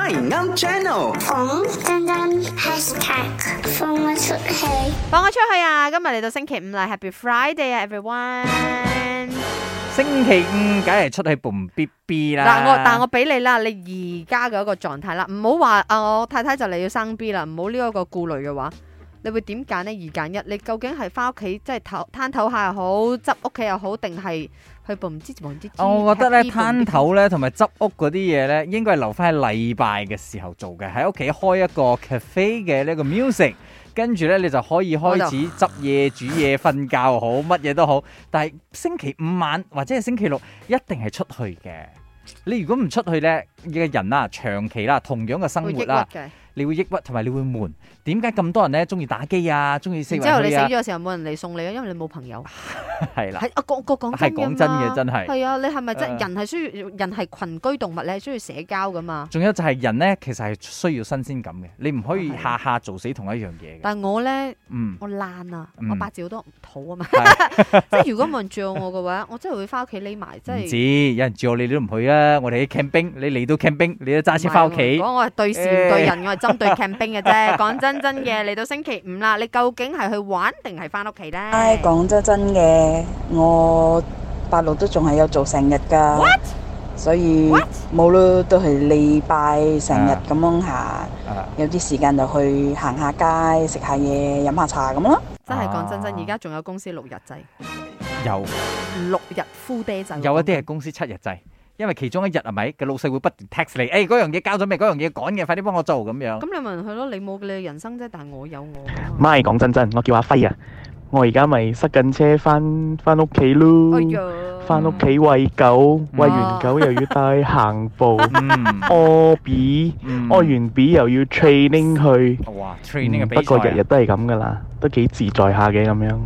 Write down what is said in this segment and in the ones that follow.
歡啱 channel，放我出去，放我出去啊！今日嚟到星期五啦，Happy Friday 啊，everyone！星期五梗係出去碰 BB 啦。但係我但係我俾你啦，你而家嘅一個狀態啦，唔好話啊，我太太就嚟要生 B 啦，唔好呢一個顧慮嘅話。你會點揀呢？二揀一，你究竟係翻屋企即係唞攤唞下又好，執屋企又好，定係去部唔知住部唔知？哦，G、我覺得咧攤唞咧，同埋執屋嗰啲嘢咧，應該係留翻喺禮拜嘅時候做嘅，喺屋企開一個 cafe 嘅呢個 music，跟住咧你就可以開始執嘢、煮嘢、瞓覺又好，乜嘢都好。但係星期五晚或者係星期六一定係出去嘅。你如果唔出去咧，嘅人啊，長期啦、啊，同樣嘅生活啦、啊。你會抑鬱同埋你會悶，點解咁多人咧中意打機啊？中意死玩啊！之後你死咗嘅時候冇人嚟送你啊，因為你冇朋友。係啦，係啊，講真嘅真係係啊！你係咪真人係需要人係群居動物咧？需要社交噶嘛？仲有就係人咧，其實係需要新鮮感嘅，你唔可以下下做死同一樣嘢。但係我咧，我爛啊，我八字好多唔妥啊嘛，即係如果冇人住我嘅話，我真係會翻屋企匿埋。真知有人住你，你都唔去啊！我哋喺 camping，你嚟到 camping 你都揸車翻屋企。我係對事唔對人對強兵嘅啫，講真真嘅，嚟到星期五啦，你究竟係去玩定係翻屋企咧？唉，講真真嘅，我八六都仲係有做成日噶，所以冇咯，都係禮拜成日咁樣下，有啲時間就去行下街、食下嘢、飲下茶咁咯。真係講真真，而家仲有公司六日制，有六日 full day 制，有一啲係公司七日制。因為其中一日係咪個老細會不斷 text 你？誒、欸，嗰樣嘢交咗咩？嗰樣嘢趕嘅，快啲幫我做咁樣。咁你問佢咯，你冇你嘅人生啫，但我有我。唔係講真真，我叫阿輝啊，我而家咪塞緊車翻翻屋企咯，翻屋企餵狗，餵完狗又要帶行步，愛哇 比屙 完比又要 training 去。哇，training、嗯啊、不過日日都係咁噶啦，都幾自在下嘅咁樣。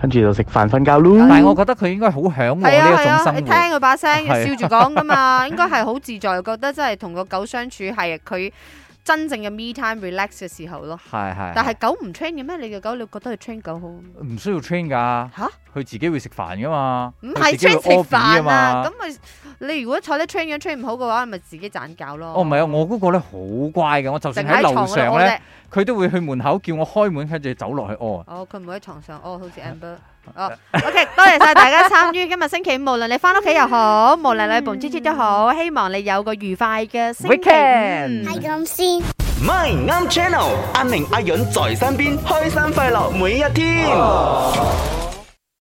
跟住就食飯瞓覺咯。但係我覺得佢應該好享受呢一種生活。係啊係啊，你聽佢把聲笑住講噶嘛，應該係好自在，覺得真係同個狗相處係佢真正嘅 me time relax 嘅時候咯。係係。但係狗唔 train 嘅咩？你嘅狗你覺得佢 train 狗好？唔需要 train 噶。吓，佢自己會食飯噶嘛？唔係 train 食飯啊嘛？咁咪。你如果坐得 train 咁 train 唔好嘅話，咪自己攢搞咯。哦，唔係啊，我嗰個咧好乖嘅，我就算喺樓上咧，佢都會去門口叫我開門，跟住走落去屙。哦，佢唔會喺床上屙，好似 Amber、 哦。哦，OK，多謝晒大家參與 今日星期五，無論你翻屋企又好，無論你蒲 J J 都好，希望你有個愉快嘅星期。係咁先。My n u m e channel，阿明阿允在身邊，開心快樂每一天。Oh.